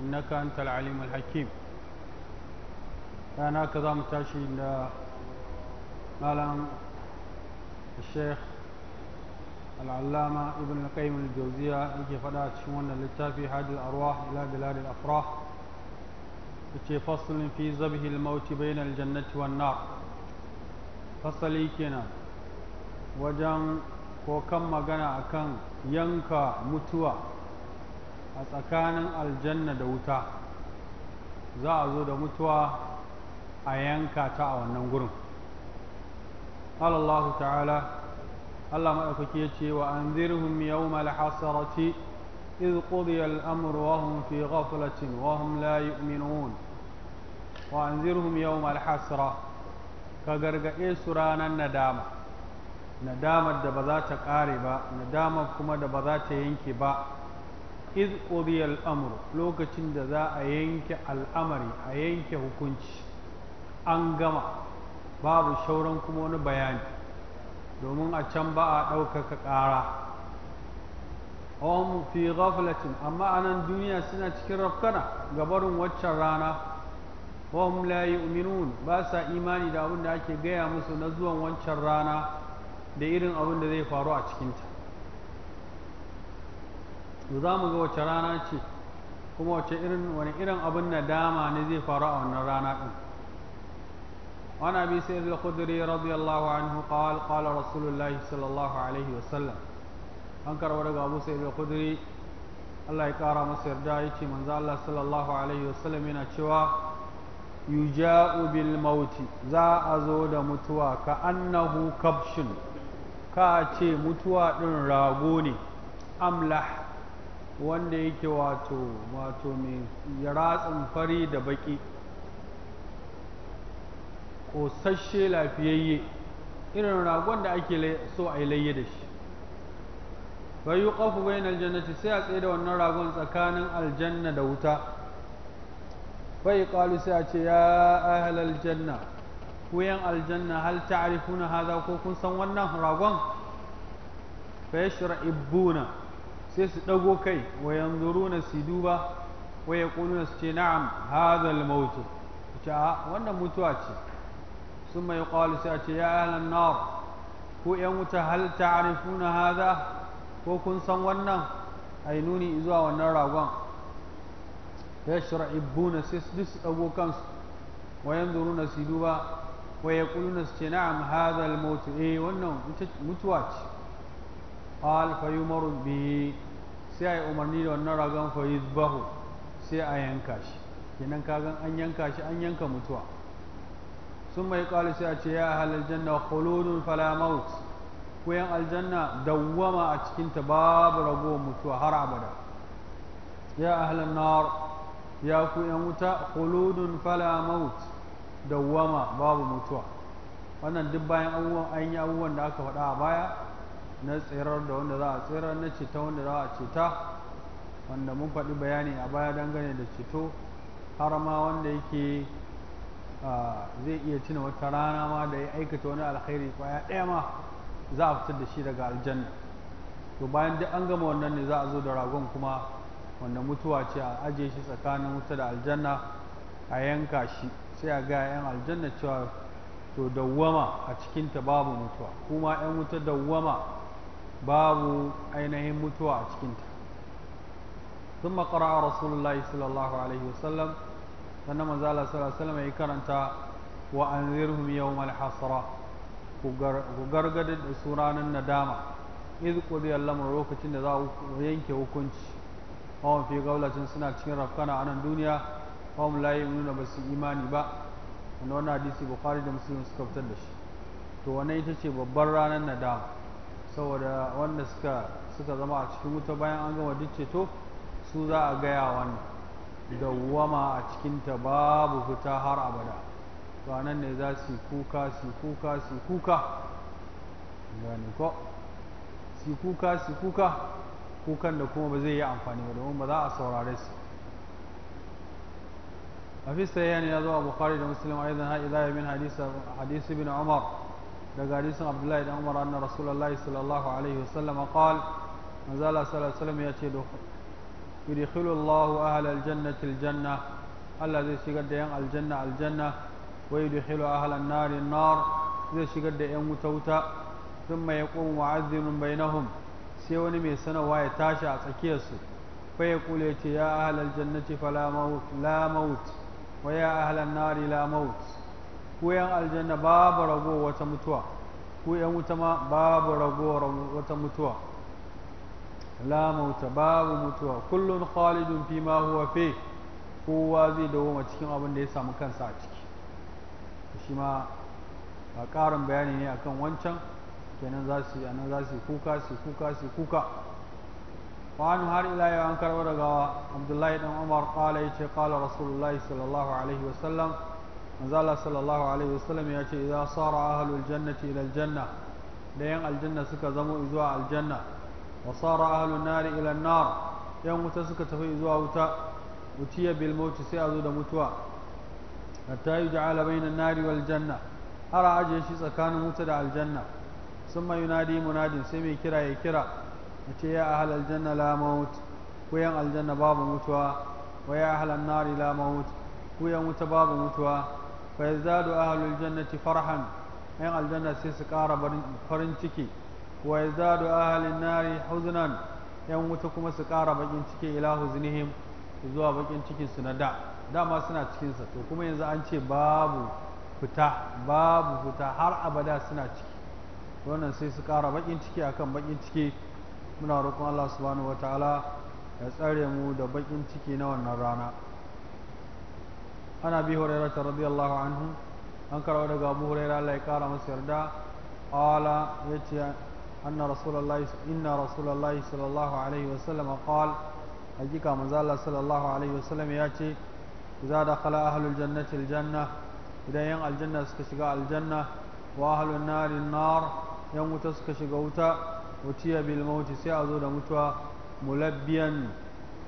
إنك أنت العليم الحكيم أنا كذا متاشي مالام الشيخ العلامة ابن القيم الجوزية يجي فدات تشمون للتافي هذه الأرواح إلى بلاد الأفراح يجي فصل في زبه الموت بين الجنة والنار فصل إيكينا وجم ko kan أكان ينكا متوى a tsakanin aljanna da wuta za a zo da mutuwa a yanka ta a wannan gurin Allah ta'ala Allah maɗaukaki ya ce wa an zirhun yau mala hasarati iz ƙudiyar amuru wahun fi ghaflatin wahun layi minun wa an zirhun yau mala hasara ka gargaɗe su ranar nadama nadamar da ba za ta ƙare ba Nadama kuma da ba za ta yanke ba iz qudiyal amru lokacin da za a yanke al'amari a yanke hukunci an gama babu shauran kuma wani bayani domin a can ba a ɗaukaka ƙara hum fi ghaflatin amma anan duniya suna cikin rafkana gabarin waccan rana hum la yu'minun ba sa imani da abin da ake gaya musu na zuwan waccan rana da irin abin da zai faru a cikinta to za mu ga wace rana ce kuma wace irin wani irin abin nadama ne zai faru a wannan rana din وعن ابي سعيد الخدري رضي الله عنه قال قال رسول الله صلى الله عليه وسلم انكر ورغ ابو سعيد الخدري الله يقرا مسير دايتي من ذا الله صلى الله عليه وسلم ينا تشوا يجاء بالموت ذا ازو ده متوا كانه كبش كاتي متوا دين راغوني املح wanda yake wato wato mai ratsin fari da baki ƙosashe lafiyayye irin ragon da ake so a yi layye da shi bayu yi ƙafu bai aljannati sai a tsaye da wannan ragon tsakanin aljanna da wuta bai ƙalu sai a ce ya ahal aljanna ku yan aljanna hal ta'rifuna haza ko kun san wannan ragon fa ibuna. sai su ɗago kai wa yanzuruna su duba wa yaquluna su ce na'am hadha mautu ce a wannan mutuwa ce sun mai ƙwalu sai a ce ya ahlan nar ko yan wuta hal na haza ko kun san wannan ai nuni zuwa wannan ragon yashra'ibuna sai su su ɗago kansu wa yanzuruna su duba wa yaquluna su ce na'am hadha mautu E, eh wannan mutuwa ce qal fa yumaru bihi sai ai umarni da wannan ragon fa yuzbahu sai a yanka shi kenan kagan an yanka shi an yanka mutuwa sun mai ƙwali sai a ce ya halar janna khuludun fala maut ku yan aljanna dawwama a cikin ta babu rago mutuwa har abada ya ahlar nar ya ku yan wuta khuludun fala maut dawwama babu mutuwa wannan duk bayan abubuwan an yi abubuwan da aka faɗa a baya na tsirar da wanda za a tsirar na cita wanda za a cita wanda mun faɗi bayani a baya dangane da cito har ma wanda yake zai iya cina wata rana ma da ya aikata wani alkhairi kwaya ɗaya ma za a fitar da shi daga aljanna to bayan duk an gama wannan ne za a zo da ragon kuma wanda mutuwa ce a ajiye shi tsakanin wuta da aljanna a yanka shi sai a ga 'yan aljanna cewa to dawwama a cikinta babu mutuwa kuma 'yan wuta dawwama babu ainihin mutuwa a cikinta sun makara a rasulullahi sallallahu alaihi wasallam sannan manzala sallallahu alaihi ya karanta wa an zirhum yau malhasara ku gargadar da su ranar nadama ku kudi lamar lokacin da za a yanke hukunci hawan fi gaulacin suna cikin rafkana a nan duniya hawan layi nuna ba su imani ba wanda wannan hadisi bukhari da musulun suka fitar da shi to wannan ita ce babbar ranar nadama saboda wanda suka suka zama a cikin wuta bayan an gama duk ceto su za a gaya wani dawwama a cikinta babu fita har abada to nan ne za su kuka su kuka su kuka gani ko su kuka su kuka kukan da kuma ba zai yi amfani ba domin ba za a saurare su a fi sayani ya zo a bukari da muslim a idan ha min hadisi bin umar دغاري عبد الله بن عمر ان رسول الله صلى الله عليه وسلم قال ما صلى الله عليه وسلم ياتي يدخل الله اهل الجنه الجنه الذي سيغد ين الجنه الجنه ويدخل اهل النار النار اذا سيغد ين متوتا ثم يقوم معذن بينهم سيوني مي سنوا يا تاشا اتسكيس فيقول يا اهل الجنه فلا موت لا موت ويا اهل النار لا موت ku yan aljanna babu rago wata mutuwa ku yan wuta ma babu rago wata mutuwa la mauta babu mutuwa kullun khalidun fi ma huwa fi kowa zai dawoma cikin abin da ya samu kansa a ciki shi ma a ƙarin bayani ne akan wancan kenan za su anan za su kuka su kuka su kuka wani har ila yau an da daga abdullahi dan umar kala ya ce ƙala rasulullahi sallallahu alaihi wasallam manzala sallallahu alaihi wasallam ya ce idan sara ahlul jannati ila aljanna da yan aljanna suka zamo zuwa aljanna wa sara ahlun nari ila nar yan wuta suka tafi zuwa wuta utiya bil maut sai a zo da mutuwa hatta yuj'ala bainan nari wal janna har a ajiye shi tsakanin wuta da aljanna summa yunadi munadin sai mai kira ya kira ya ce ya ahlal aljanna la maut ku yan aljanna babu mutuwa wa ya ahlan nari la maut ku yan wuta babu mutuwa fa yazdadu ahlul jannati farhan yan aljanna sai su ƙara farin ciki wa yazdadu ahlun nari huznan yan wuta kuma su ƙara bakin ciki ila huznihim zuwa bakin cikin su na da dama suna cikin sa to kuma yanzu an ce babu fita babu fita har abada suna ciki wannan sai su ƙara bakin ciki akan bakin ciki muna roƙon Allah subhanahu wataala ya tsare mu da bakin ciki na wannan rana ana abi hurairah radiyallahu anhu an karawa daga abu hurairah Allah ya kara masa yarda qala yace anna rasulullahi inna rasulullahi sallallahu alaihi wasallam qala hakika manzo Allah sallallahu alaihi wasallam ya ce idza dakhala ahlul jannati aljanna idan yan aljanna suka shiga aljanna wa ahlun nari nar yan wuta suka shiga wuta utiya bil mauti sai a zo da mutuwa mulabbiyan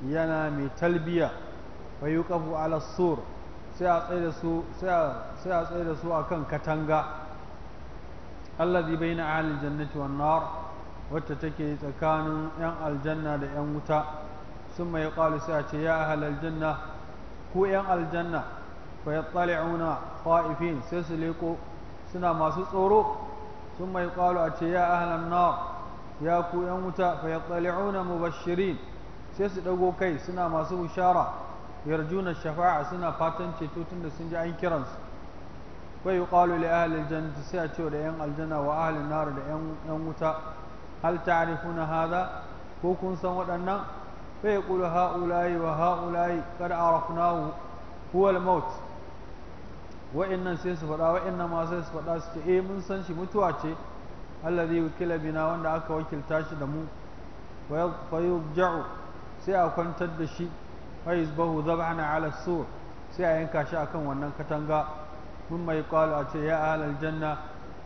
yana mai talbiya wa yuqafu sai a tsaye da su a kan da su akan katanga allazi baina ahlil jannati wan nar wacce take tsakanin yan aljanna da yan wuta sun mai qalu sai a ce ya ahlal janna ku yan aljanna fa ya yattali'una khaifin sai su leko suna masu tsoro sun mai qalu a ce ya ahlan nar ya ku yan wuta fa ya auna mubashirin sai su dago kai suna masu bushara يرجون الشفاعة سنة فاتن تيتوتن سنجا إن كرنس ويقال لأهل الجنة سيأتوا لأن الجنة وأهل النار لأن موتا هل تعرفون هذا؟ فوكن سمود أنه فيقول هؤلاء وهؤلاء قد عرفناه هو الموت وإن سيسفر وإنما سيسفر أستئي من سنشي متواتي الذي يكل بنا وأن أكا وكل تاشد مو فيضجع سيأكون تدشي fa yuzbahu dhabhan ala sur sai a yanka shi akan wannan katanga mun mai kwalo a ce ya ahlal janna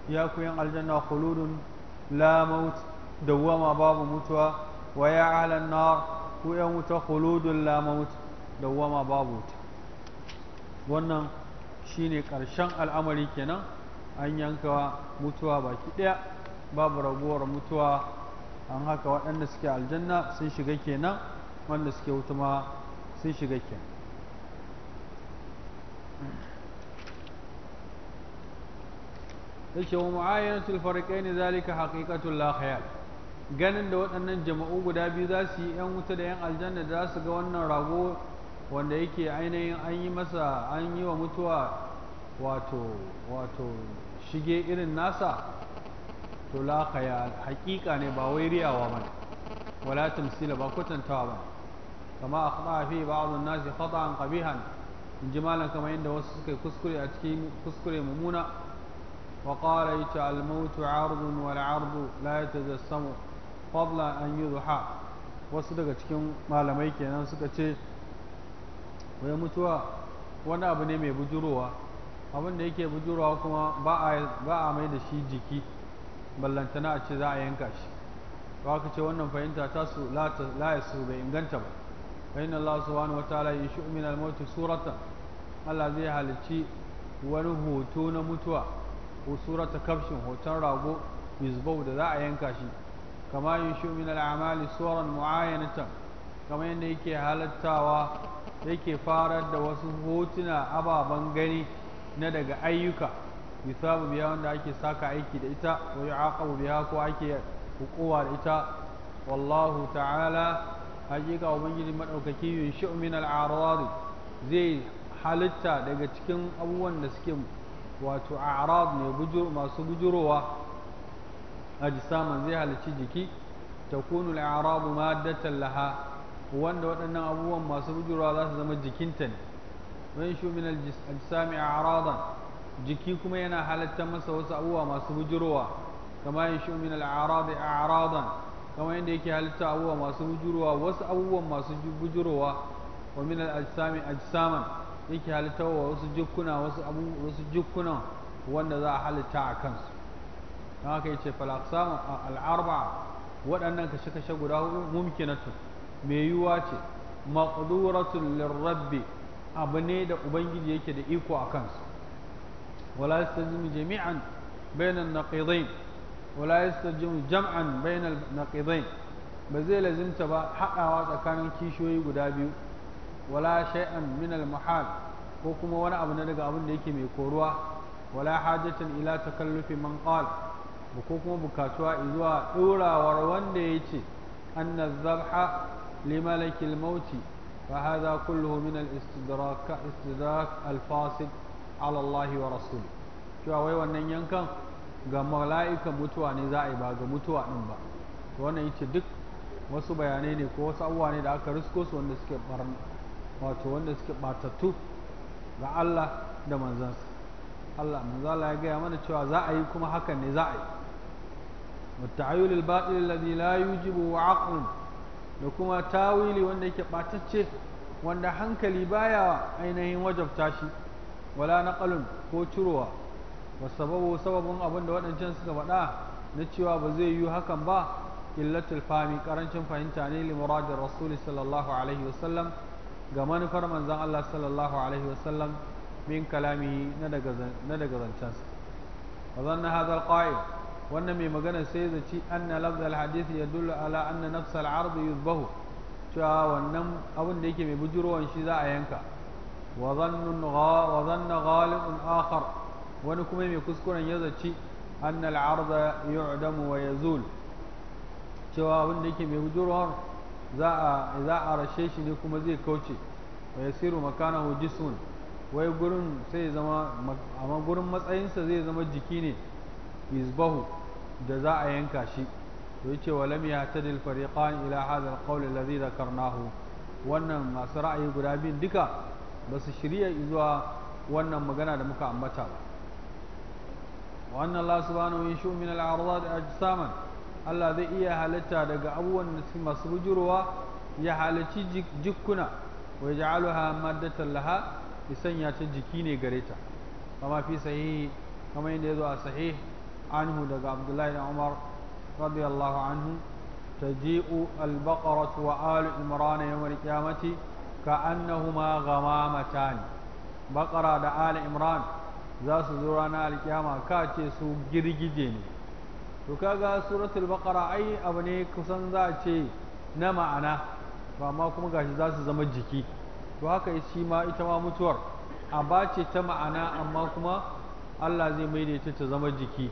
ya ku aljanna khuludun la maut babu mutuwa wa ya ahlan na ku yan wuta khuludun la maut ma babu wuta wannan shine karshen al'amari kenan an yanka mutuwa baki daya babu raguwar mutuwa an haka waɗanda suke aljanna sun shiga kenan wanda suke wuta ma sun shiga ke sai wa mu'ayyanatul farqaini zalika haqiqatul la khayal ganin da waɗannan jama'u guda biyu za su yi 'yan wuta da 'yan aljanna da za su ga wannan rago wanda yake ainihin an yi masa an yi wa mutuwa wato wato shige irin nasa to la haƙiƙa ne ba wai riyawa ba wala tamsila ba kwatantawa ba kama akhta fi ba'd an-nas khata'an qabihan in ji malam kamar yadda wasu suka yi kuskure a cikin kuskure mumuna. wa qala ita al-mautu 'ardun wal 'ardu la yatajassamu qabla an yudha wasu daga cikin malamai kenan suka ce wani abu ne mai bujurowa abin da yake bujurowa kuma ba a mai da shi jiki ballantana a ce za a yanka shi to aka ce wannan fahimta ta su la su bai inganta ba فإن الله سبحانه وتعالى ينشئ من الموت سورة Allah zai halicci wani hoto na mutuwa ko surata kafshin hoton rago misbau da za a yanka shi kama yin shi min al'amali suran mu'ayyanatan kama yadda yake halattawa yake fara da wasu hotuna ababen gani na daga ayyuka misabu biya wanda ake saka aiki da ita wa yu'aqabu ko ake hukuwa da ita wallahu ta'ala hakika ubangiji madaukaki yunshu min al-a'rad zai halitta daga cikin abubuwan da suke wato a'rad ne masu bujurowa ajsaman zai halici jiki takunu al-a'rad maddatan laha wanda waɗannan abubuwan masu bujurowa za su zama jikinta ne wani shu min al-ajsami jiki kuma yana halatta masa wasu abubuwa masu bujurowa kama yin shu min al-a'rad a'radan kamar yadda yake halitta abubuwa masu bujurowa wasu abubuwan masu bujurowa wa min al-ajsami ajsaman yake halitta wa wasu jukkuna wasu abu wasu jukkuna wanda za a halitta a kansu don haka yace fal aqsam al-arba'a waɗannan kashe-kashe guda hudu mumkinatu me yiwuwa ce maqduratun lirrabbi abu ne da ubangiji yake da iko a kansu wala yastajmu jami'an bainan naqidain wala yastajimu jam'an bainal naqidain ba zai lazimta ba haɗawa tsakanin kishiyoyi guda biyu wala shay'an minal al muhal ko kuma wani abu na daga abin da yake mai koruwa wala hajatan ila takallufi man qala ko kuma bukatuwa zuwa ɗorawar wanda ya ce أن الذبح لملك الموت فهذا كله من الاستدراك استدراك الفاسد على الله ورسوله شو أوي وأن ينكم ga mala'ikan mutuwa ne za a yi ba ga mutuwa ɗin ba to wannan yace duk wasu bayanai ne ko wasu abubuwa ne da aka risko su wanda suke barna wato wanda suke batattu ga Allah da manzansa Allah manzo Allah ya gaya mana cewa za a yi kuma hakan ne za a yi والتعايل الباطل الذي لا يوجب عقل da kuma tawili wanda yake batacce wanda hankali baya ainihin wajabta shi wala naqalun ko cirowa wasababu sababin abin da waɗancan suka faɗa na cewa ba zai yi hakan ba illatul fami karancin fahimta ne li muradin rasul sallallahu alaihi wasallam ga manufar manzon Allah sallallahu alaihi wasallam min kalami na daga na daga zancensa wa zanna hadha alqa'il wannan mai magana sai ya zaci anna lafz alhadith yadullu ala anna nafs al'ard yuzbahu cewa wannan abin da yake mai bujurowan shi za a yanka wa zanna ghalibun akhar wani kuma mai kuskuren ya zaci annal arda yu'damu wa yazul cewa wanda yake mai wujurwar za a za a rashe shi ne kuma zai kauce wa yasiru makanahu jismun wai gurin sai zama amma gurin matsayinsa zai zama jiki ne izbahu da za a yanka shi to yace wa lam yahtadil fariqan ila hadha alqawl alladhi dhakarnahu wannan masu ra'ayi guda biyu duka ba su shirya zuwa wannan magana da muka ambata ba وأن الله سبحانه ينشئ من الأعراض أجساما Allah zai iya halitta daga abubuwan da suke masu bujurwa ya halarci jikuna wa ja'aluha maddatan laha ya sanya ta jiki ne gare ta kama fi sahihi kama yadda yazo a sahih anhu daga Abdullahi da Umar radiyallahu anhu taji'u al-baqaratu wa alu imran yawm al-qiyamati ka'annahuma ghamamatan baqara da ali imran za su zo rana alkiyama ka ce su girgije ne to ga suratul baqara ai abu ne kusan za a ce na ma'ana ba ma kuma gashi za su zama jiki to haka shi ma ita ma mutuwar ba ce ta ma'ana amma kuma Allah zai maidaita ta zama jiki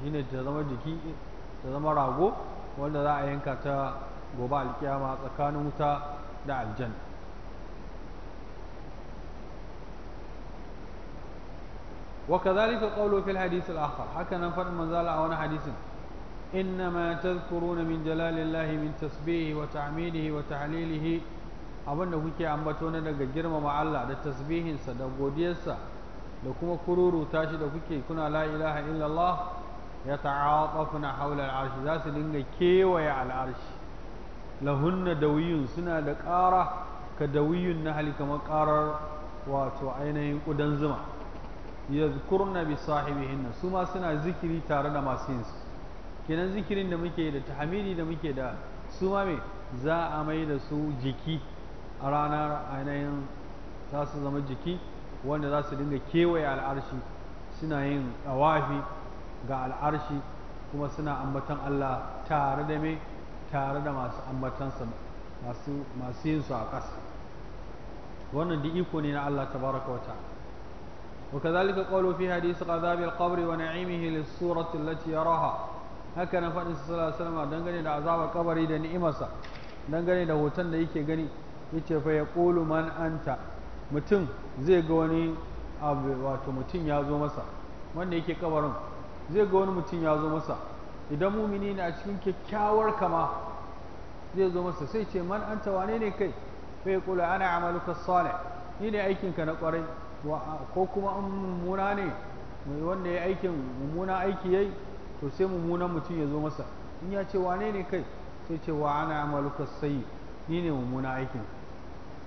shine ta zama jiki ta zama rago wanda za a yanka ta gobe alkiyama tsakanin wuta da aljanna وكذلك قوله في الحديث الآخر هكذا فرد من زال أو حديث إنما تذكرون من جلال الله من تسبيحه وتعميده وتعليله abin da kuke ambato na daga girmama Allah da tasbihinsa da godiyarsa da kuma kururuta shi da kuke kuna la ilaha illallah ya ta'atafuna haula al'arshi za su dinga kewaye al'arshi lahunna dawiyun suna da ƙara ka dawiyun na hali kamar wato ainihin ƙudan zuma yadhkurna bi hinna su ma suna zikiri tare da masu yin su kenan zikirin da muke da tahmidi da muke da su ma me za a mai da su jiki a ranar ainihin za su zama jiki wanda za su dinga kewaye al'arshi suna yin tsawafi ga al'arshi kuma suna ambatan Allah tare da me tare da masu ambatansa masu yin su a ƙasa wannan da iko ne na Allah ta baraka wata. وكذلك قوله في حديث عذاب القبر ونعيمه للصورة التي يراها هكذا فإن صلى الله عليه وسلم دنغني دا عذاب القبر دا نعمسا دنغني دا هوتن دا يكي غني يتي فيقول من أنت متن زي غوني abu wato mutum ya zo masa wanda yake kabarin zai ga wani mutum ya zo masa idan mumini na cikin kyakkyawar kama zai zo masa sai ce man anta wane ne kai fa kula ana amaluka salih ni ne aikinka na kwarai ko kuma an mummuna ne wanda ya aikin mummuna aiki yayi to sai mummunan mutum ya zo masa in ya ce wane ne kai sai ce wa ana amaluka sai ni ne mummuna aikin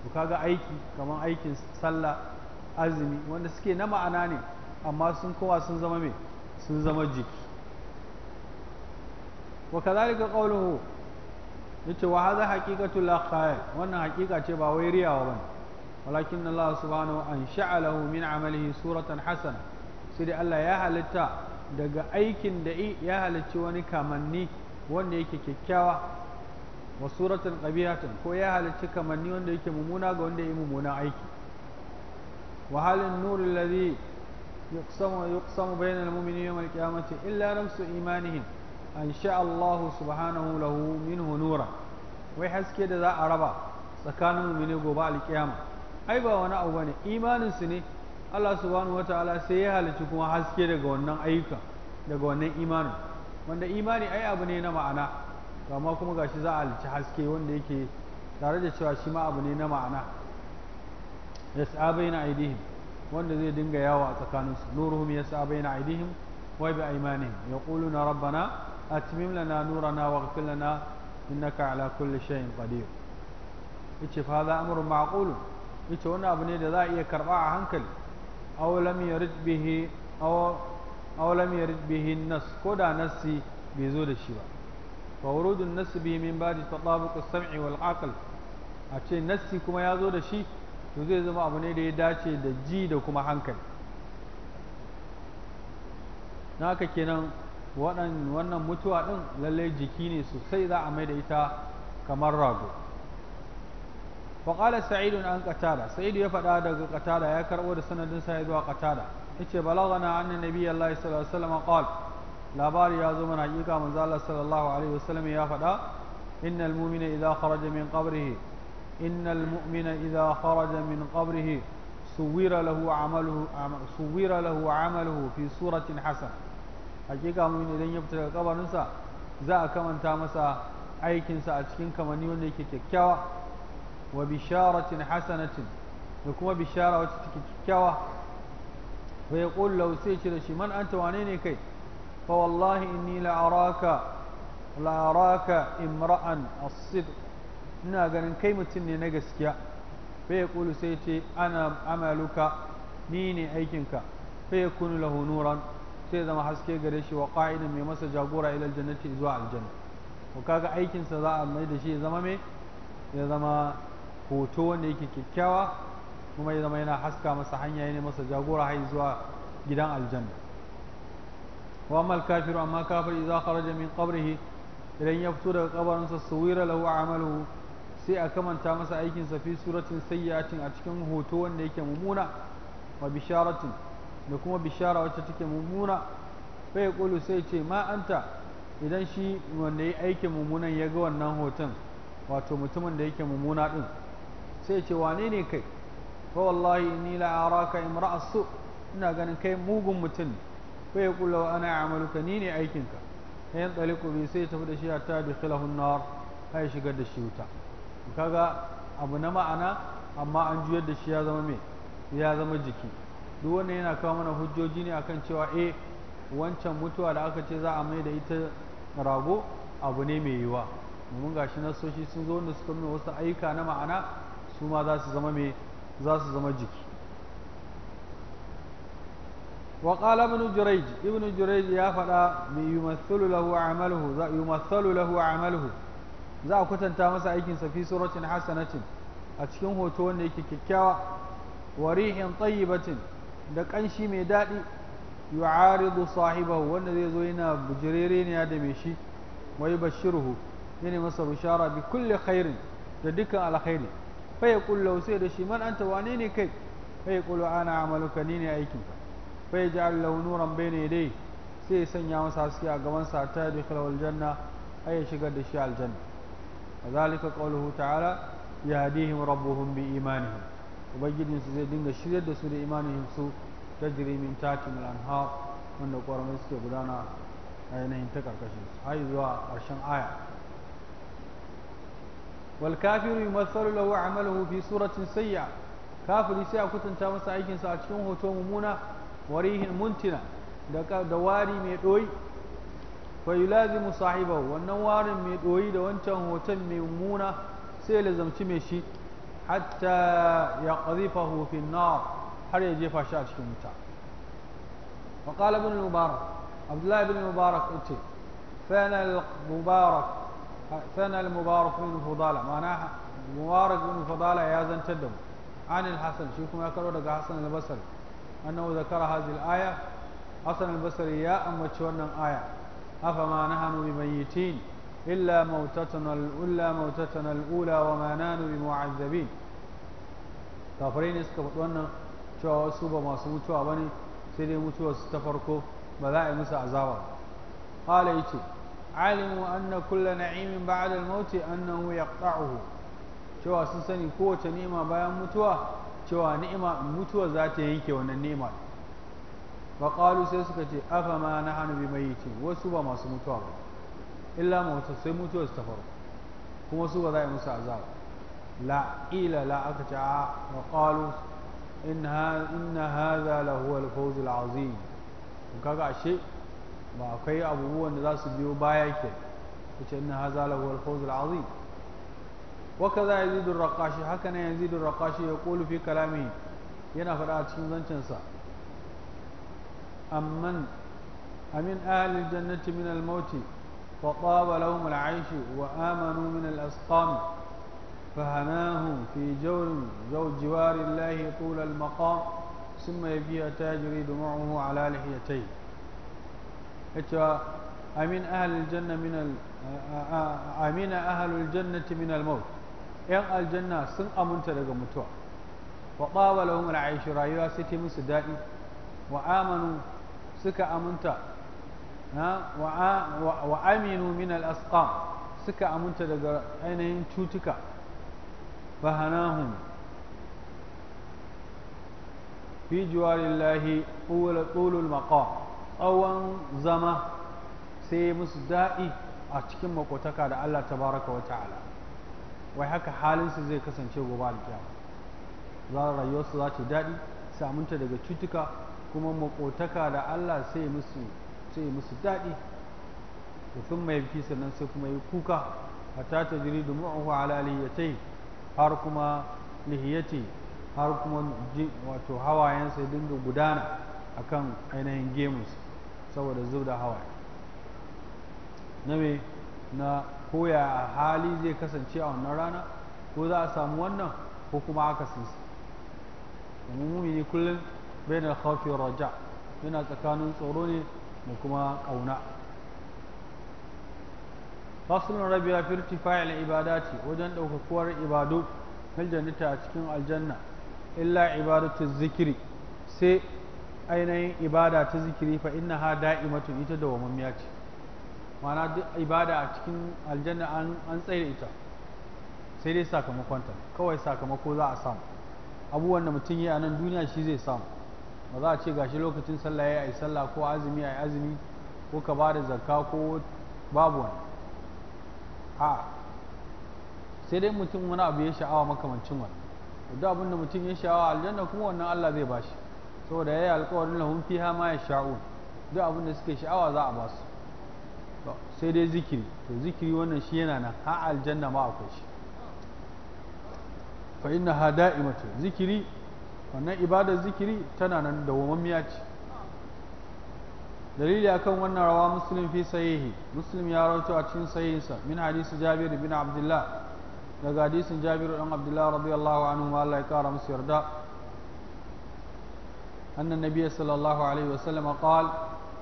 to kaga aiki kamar aikin sallah azumi wanda suke na ma'ana ne amma sun kowa sun zama me sun zama jiki wa kadhalika qawluhu yace wa hadha haqiqatul kayan wannan hakika ce ba wai riyawa bane walakin Allah subhanahu an sha'alahu min amalihi suratan hasana sai dai Allah ya halitta daga aikin da ya halicci wani kamanni wanda yake kyakkyawa wa suratan qabihatan ko ya halicci kamanni wanda yake mumuna ga wanda ya yi mummunan aiki wa halin nur alladhi yuqsamu yuqsamu bayna al-mu'minina yawm al-qiyamati illa ramsu imanihim an sha Allah subhanahu nura wai haske da za a raba tsakanin mu'mini gobe al ai ba wani abu bane imanin su ne Allah subhanahu wataala sai ya halicci kuma haske daga wannan ayyuka daga wannan imanin wanda imani ai abu ne na ma'ana to amma kuma gashi za a halicci haske wanda yake tare da cewa shi ma abu ne na ma'ana yas'a baina aidihim wanda zai dinga yawo a tsakaninsu nuruhum yas'a baina aidihim wa bi aymanihim yaquluna rabbana atmim lana nurana waghfir lana innaka ala kulli shay'in qadir yace fa hadha amrun ma'qulun ita wani abu ne da za a iya karba a hankali aw lam yarid bihi nas ko da nasi bai zo da shi ba fa nasi bai min ba'di tatabuq as-sam'i wal aql a ce nasi kuma ya zo da shi to zai zama abu ne da ya dace da ji da kuma hankali na haka kenan wannan mutuwa din lallai jiki ne sosai za a mai da ita kamar rago فقال سعيد عن sa'idu ya faɗa daga قتادة ya karɓo da sanadin sa zuwa قتادة yace balagana anna nabiyullahi sallallahu alaihi wasallam qala labari ya zo mana hakika manzo Allah sallallahu alaihi wasallam ya fada innal mu'mina idza kharaja min qabrihi innal mu'mina idza kharaja min qabrihi suwira lahu amaluhu suwira lahu amaluhu fi suratin hasan hakika mu'min idan ya fita daga kabarinsa za a kamanta masa aikinsa a cikin kamanni wanda yake kyakkyawa وبشارة حسنة نكون بشارة وتتكوى فيقول له سيشل شي من أنت وانيني كي فوالله إني لأراك لأراك امرأة الصدق نا قال إن كيمة إني نقسك فيقول سيتي أنا عملك نيني أيكنك فيكون له نورا سيذا ما حسكي قريشي وقاعدا من مسجا قورا إلى الجنة إذواء الجنة وكاك أيكن سذاء ما يدشي إذا ما إذا ما hoto wanda yake kyakkyawa kuma ya zama yana haska masa hanya ne masa jagora har zuwa gidan aljanna wa amma kafiru amma kafir idza kharaja min qabrihi idan ya fito daga kabarinsa suwira lahu amaluhu sai a kamanta masa aikin sa fi suratin sayyatin a cikin hoto wanda yake mumuna wa bisharatin da kuma bishara wacce take mumuna fa yaqulu sai ce ma anta idan shi wanda ya mumunan ya ga wannan hoton wato mutumin da yake mumuna din sai ce wane ne kai fa wallahi inni la araka imra'a ina ganin kai mugun mutum fa yaqulu ana amaluka ni ne aikinka yan daliku bi sai tafi da shi hatta bi khilahu nar kai shigar da shi wuta kaga abu na ma'ana amma an juyar da shi ya zama me ya zama jiki duk wannan yana kawo mana hujjoji ne akan cewa eh wancan mutuwa da aka ce za a mai da ita rago abu ne mai yiwa mun gashi nasoshi sun zo da suka nuna wasu ayyuka na ma'ana su ma za su zama mai za su zama jiki wa qala ibn jurayj ibn jurayj ya faɗa mai yumathalu lahu amaluhu za yumathalu lahu amaluhu za a kwatanta masa aikin sa fi suratin hasanatin a cikin hoto wanda yake kyakkyawa wa rihin tayyibatin da kanshi mai daɗi yu'aridu sahibahu wanda zai zo yana bujirere ne da mai shi wai bashiruhu yana masa bishara bi kulli khairin da dukkan alkhairi fa yaqul sai da shi man anta wane ne kai fa yaqulu ana amaluka ni ne aikin ka fa yaj'al lahu nuran bayna dai sai ya sanya masa haske a gaban sa ta dakhala aljanna ay ya shigar da shi aljanna kazalika qawluhu ta'ala yahdihim rabbuhum bi imanihim ubangijin su zai dinga shiryar da su da imanin su ta min tatim al-anhar wanda ƙwaramai suke gudana a yanayin ta karkashin su har zuwa ƙarshen aya والكافر يمثل له عمله في صورة سيئة كافر يسيء كتن مسا أيكين سأتشون هو تومونا وريه منتنا دواري ميتوي فيلازم صاحبه والنوار ميتوي دوانتا هو تنمي سيلزم تمشي حتى يقذفه في النار har يجيفا jefa shi وقال ابن المبارك عبد الله بن المبارك اتي فانا المبارك حسن المبارك من فضالة معناها مبارك من فضالة يا زن تدم عن الحسن شوفوا ما كروا دقى حسن البصري أنه ذكر هذه الآية حسن البصري يا أم وتشورنا آية أفما نحن بميتين إلا موتتنا الأولى موتتنا الأولى وما نحن بمعذبين kafirai ne suka faɗi wannan cewa wasu ba masu mutuwa ba ne sai dai mutuwarsu ta farko alimu anna kulla na'imin ba'da al-mauti annahu yaqta'uhu cewa sun sani kowace ni'ima bayan mutuwa cewa ni'ima mutuwa za ta yanke wannan ni'ima qalu sai suka ce afa nahnu na hannu bi mai wasu ba masu mutuwa ba illa mawtu sai mutuwa ta faru kuma su ba za a yi musu azaba la ila la aka ce a faƙalu inna hadha la huwa al-fawz al-azim kaga ashe ba akwai abubuwan da za su biyo baya ke yace inna haza lahu al-fawz al-azim wa kaza yazid ar-raqashi haka ne yazid ar-raqashi ya kulu fi kalamihi yana fada a cikin zancin sa amman amin ahli jannati min al-maut fa taba lahum al-aish wa amanu min al-asqam فهناهم في جور جو جوار الله طول المقام ثم يبيع تاجري دموعه على لحيتيه إتوا أمين أهل الجنة من ال أمين آه، آه، آه، أهل الجنة من الموت إن الجنة سن أمنت لك متوع وطاولهم العيش رأيوا ستي من سدائي وآمنوا سك أمنت وآمنوا من الأسقام سك أمنت لك أين ينتوتك فهناهم في جوار الله أول طول المقام tsawon zama sai musu daɗi a cikin makotaka da Allah ta baraka wata ala wai haka halinsu zai kasance gobe alkiyama za a rayuwarsu za ta daɗi samunta daga cutuka kuma makotaka da Allah sai musu sai musu daɗi da sun mai biki sannan sai kuma yi kuka a ta jiri da mu'ahu ala har kuma ce har kuma wato hawayensa dinga gudana akan ainihin gemunsa saboda zub da hawa na me na koya hali zai kasance a wannan rana ko za a samu wannan ko kuma aka sinsa domin mumini kullum bai da khawfi raja yana tsakanin tsoro ne da kuma ƙauna fasulun rabiya fi ibada ce wajen ɗaukakuwar ibadu fil jannita a cikin aljanna illa ibadatu zikiri sai ainihin ibada ta zikiri fa inna ha da'imatu ita da wamammiya ce mana duk ibada a cikin aljanna an tsaye ita sai dai sakamakonta kawai sakamako za a samu abubuwan da mutum yi a nan duniya shi zai samu ba za a ce gashi lokacin sallah ya yi sallah ko azumi ya yi azumi ko ka ba da zakka ko babu wani a sai dai mutum wani abu ya sha'awa makamancin wani duk abin da mutum ya sha'awa aljanna kuma wannan Allah zai bashi saboda yayi alƙawarin lahum fiha ma yasha'un duk abin da suke sha'awa za a ba su sai dai zikiri to zikiri wannan shi yana nan ha aljanna ma akwai shi fa inna ha da'imatu zikiri wannan ibadar zikiri tana nan da wamammiya ce dalili akan wannan rawa muslim fi sahihi muslim ya rawaito a cikin sahihinsa min hadisi jabir bin abdullah daga hadisin jabir ɗan abdullah radiyallahu anhu ma Allah ya kara musu yarda أن النبي صلى الله عليه وسلم قال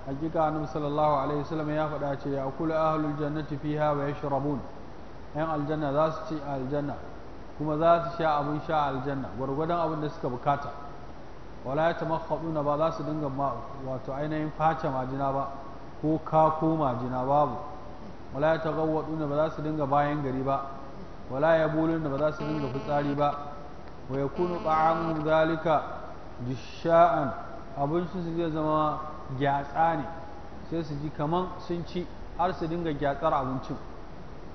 حقيقة أنه صلى الله عليه وسلم يأخذ أشياء يأكل أهل الجنة فيها ويشربون أن الجنة ذات الجنة كما ذات شاء أبو شاء الجنة ورغدا أبو نسك بكاتا ولا يتمخطون بذاس دنجا ما وتعينين فاتشا ما جنابا ko kako majina babu wala ta gawwaɗu ba za su dinga bayan gari ba wala ya bulun da ba za su dinga fitsari ba wa ya kunu ba'amun zalika dusha'an abincin su zai zama gyatsa ne sai su ji kaman sun ci har su dinga gyatsar abincin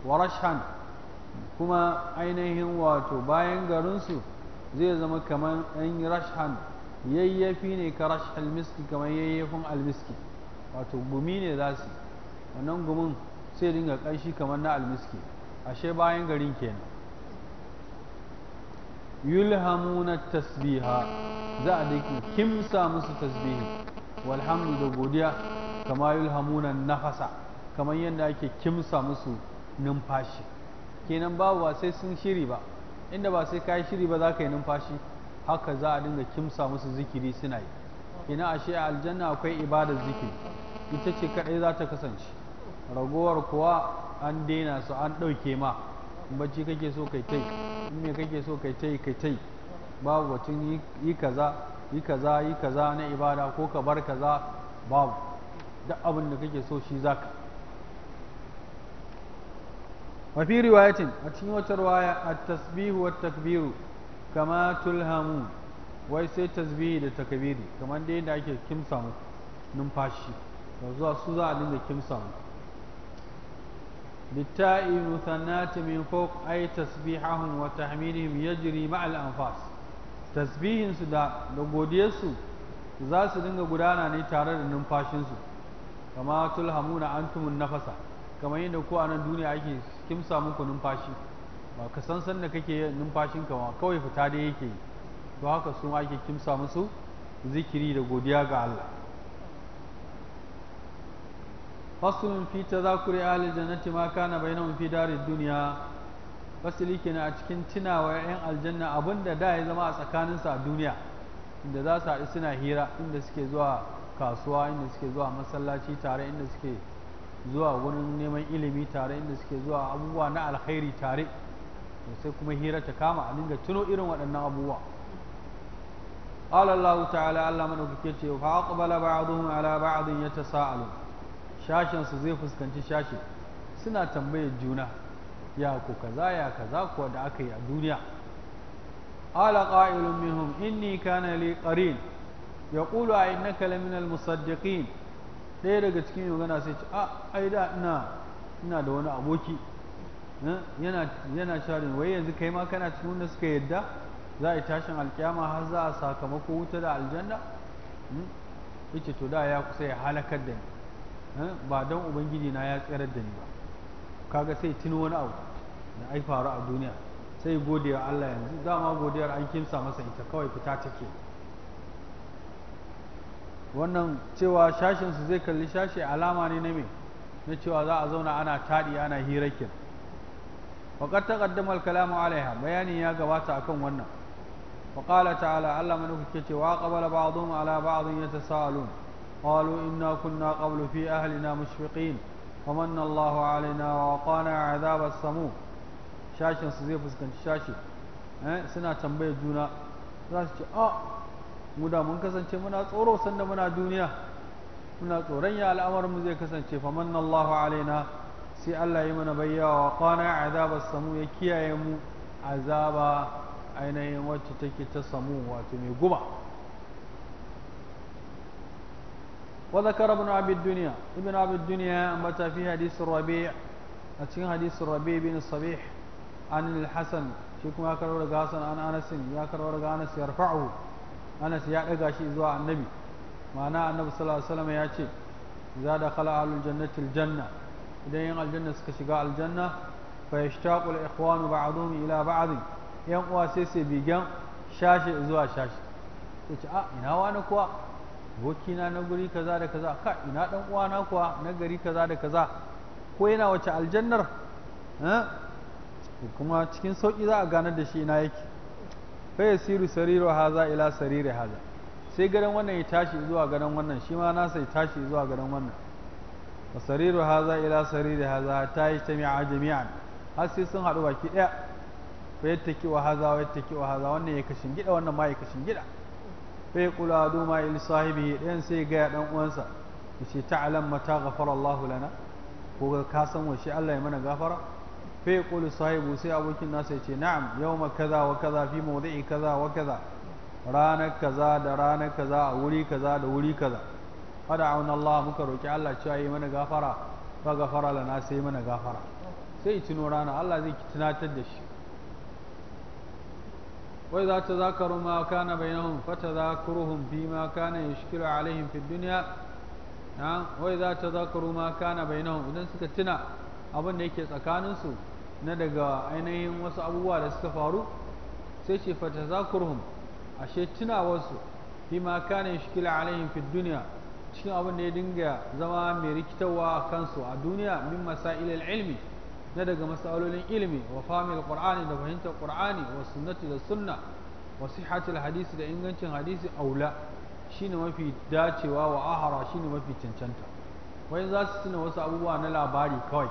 warashan kuma ainihin wato bayan garinsu zai zama kaman ɗan rashan yayyafi ne ka rash almiski kamar yayyafin almiski wato gumi ne za su wannan gumin sai dinga ƙanshi kamar na almiski ashe bayan garin kenan yulhamuna tasbiha za a dake kimsa musu tasbihi walhamdu da godiya kama yulhamuna nafasa kamar yadda ake kimsa musu numfashi kenan babu ba sai sun shiri ba inda ba sai kayi shiri ba za ka yi numfashi haka za a dinga kimsa musu zikiri suna yi kenan ashe a aljanna akwai ibadar zikiri ita ce kadai za ta kasance ragowar kuwa an daina su an ɗauke ma bacci kake so kai kai in me kake so kai ta yi kai ta yi babu batun yi kaza yi kaza yi kaza na ibada ko ka bar kaza babu duk abin da kake so shi zaka mafi riwayatin a cikin wata riwaya a tasbihu wa takbiru kama tulhamu wai sai tasbihi da takbiri kamar da yadda ake kimsa numfashi yanzu su za a dinga kimsa muku بالتاء مثنات من فوق أي تسبيحهم وتحميلهم يجري مع الأنفاس تسبيح gudana ne tare da numfashinsu kama tulhamuna kamar yadda ko a nan duniya ake kimsa muku numfashi ba ka da kake numfashin kama kawai fita da yake to haka su ake kimsa musu zikiri da godiya ga Allah faslun fi tazakuri ahli jannati ma kana bainahum fi darid dunya fasili kenan a cikin tunawa yan aljanna abinda da ya zama a tsakaninsa a duniya inda za su haɗu suna hira inda suke zuwa kasuwa inda suke zuwa masallaci tare inda suke zuwa wurin neman ilimi tare inda suke zuwa abubuwa na alkhairi tare sai kuma hira ta kama a dinga tuno irin waɗannan abubuwa قال الله تعالى علمنا كيف فأقبل بعضهم على بعض يتساءلون su zai fuskanci shashi suna tambayar juna ya ku kaza ya kaza kuwa da aka yi a duniya ala qa'ilun minhum inni kana li qarin yaqulu a innaka lamin al musaddiqin ɗaya daga cikin yogana sai ce a ah, ai da ina ina da wani aboki hm? yana yana sharin wai yanzu kai ma kana cikin wanda suka yadda za a yi tashin alkiyama har za a sakamako wuta da aljanna hm? yace to da ya kusa ya halakar da ni ba don ubangiji na ya tsirar da ni ba kaga sai tuni wani abu na ai faru a duniya sai godiya Allah yanzu dama godiyar an kimsa masa ita kawai fita take wannan cewa shashin su zai kalli shashi alama ne na mai na cewa za a zauna ana taɗi ana hirakin faƙar taƙaddama alkalamu alaiha bayanin ya gabata akan wannan faƙala ta'ala Allah manuka ke cewa ƙabala ba'adun ala ba'adun ya ta sa'alun قالوا إنا كنا قبل في أهلنا مشفقين ومن الله علينا ووقانا عذاب السموم شاشن سزي فسكن شاشي سنة تنبيه جونا راسك آه mu da mun kasance muna tsoro sanda muna duniya muna tsoron ya al'amarin mu zai kasance fa manna Allahu alaina sai Allah ya mana bayyawa wa qana azaba samu ya kiyaye mu azaba ainihin wacce take ta samu wato mai guba وذكر ابن عبد الدنيا ابن عبد الدنيا متى في حديث الربيع أتين حديث الربيع بن الصبيح عن الحسن شكما يكر ورق حسن عن أنس يكر ورق أنس يرفعه أنس يا شيء زواء النبي معنى النبي صلى الله عليه وسلم يأتي إذا دخل أهل الجنة الجنة إذا ين الجنة سكشقاء الجنة فيشتاق الإخوان بعضهم إلى بعض yan uwa بيجان شاشي bigen شاشي zuwa اه sai وانا a bokina na guri kaza da kaza ka ina dan uwana kuwa na gari kaza da kaza ko yana wace aljannar eh? kuma cikin sauki za a ganar da shi ina yake fa yasiru sariru haza ila sariri haza sai garin wannan ya tashi zuwa garin wannan shi ma nasa ya tashi zuwa garin wannan wa sariru haza ila sariri haza ta yi jami'a jami'an har sai sun haɗu baki ɗaya fa yattaki wa haza wa yattaki wa haza wannan ya kashin gida wannan ma ya kashin gida fa yaqulu aduma il sahibi ɗayan sai ga dan uwansa ta ta'lam mata ghafara Allah lana ko ka san washe Allah ya mana gafara fa yaqulu sahibu sai abokin nasa ce na'am ma kaza wa kaza fi mawdi'i kaza wa kaza ranar kaza da ranar kaza a wuri kaza da wuri kaza auna Allah muka roki Allah cewa yi mana gafara fa gafara lana sai mana gafara sai tuno rana Allah zai tunatar da shi Wai za za ta ka na ku fi ma وإذا تذاكروا ما كان بينهم فتذاكرهم فيما كان يشكل عليهم في الدنيا نعم وإذا تذاكروا ما na بينهم إذا سكتنا abin da yake tsakaninsu na daga ainihin wasu abubuwa da suka faru sai ce fata zakurhum ashe wasu fi ma ka na kana yashkila alaihim fid duniya cikin abin da ya dinga zama mai rikitarwa kansu a duniya min masa masailil ilmi na daga masalolin ilimi wa famil qur'ani da fahimtar qur'ani wa sunnati da sunna wa sihhatil hadisi da ingancin hadisi aula shine mafi dacewa wa ahara shine mafi cancanta wai za su tuna wasu abubuwa na labari kawai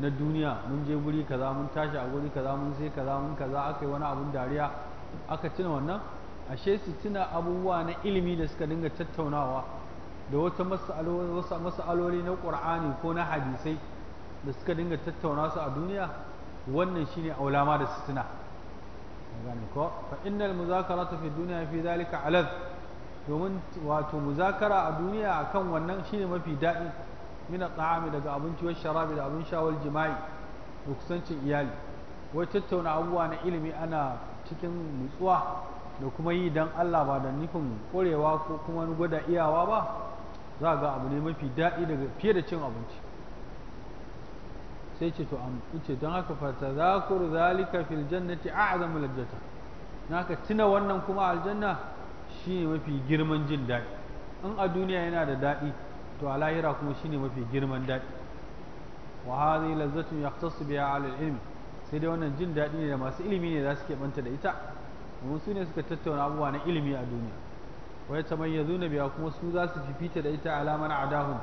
na duniya mun je guri kaza mun tashi a guri kaza mun sai kaza mun kaza aka yi wani abun dariya aka tuna wannan ashe su tuna abubuwa na ilimi da suka dinga tattaunawa da wata mas'aloli na qur'ani ko na hadisai da suka dinga tattauna su a duniya wannan shine aulama da sittina gane ko fa innal muzakaratu fi dunya fi zalika alaz domin wato muzakara a duniya akan wannan shine mafi daɗi mina ta'ami daga abinci wa sharabi da abin shawar jima'i da kusancin iyali wai tattauna abubuwa na ilimi ana cikin nutsuwa da kuma yi dan Allah ba da nufin korewa ko kuma gwada iyawa ba za ga abu ne mafi daɗi daga fiye da cin abinci sai ce to an ce don haka fata za ku zalika fil jannati a'zamu lajjata naka tuna wannan kuma aljanna shine mafi girman jin daɗi in a duniya yana da daɗi to a lahira kuma shine mafi girman daɗi wa hadhihi lazzatun yaqtasu biha ala ilm sai dai wannan jin daɗi ne da masu ilimi ne za su banta da ita domin su ne suka tattauna abubuwa na ilimi a duniya wa yatamayyazuna biha kuma su za su fifita da ita alamar adahum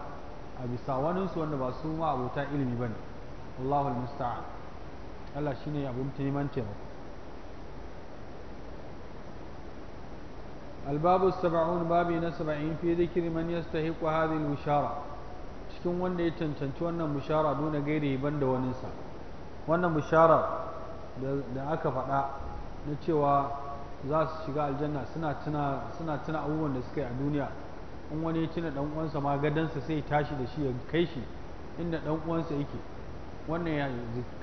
a bisa waninsu wanda ba su ma abota ilimi bane Allahul musta'an Allah shine abun neman taimako الباب السبعون saba'in نسبعين في ذكر من mushara cikin wanda ya cancanci wannan mushara duna gairi ban da waninsa wannan mushara da aka faɗa na cewa za su shiga aljanna suna tuna abubuwan da suka yi a duniya in wani ya tuna ɗan'uwansa uwansa ma gadansa sai tashi da shi ya kai shi inda ɗanuwansa yake wannan ya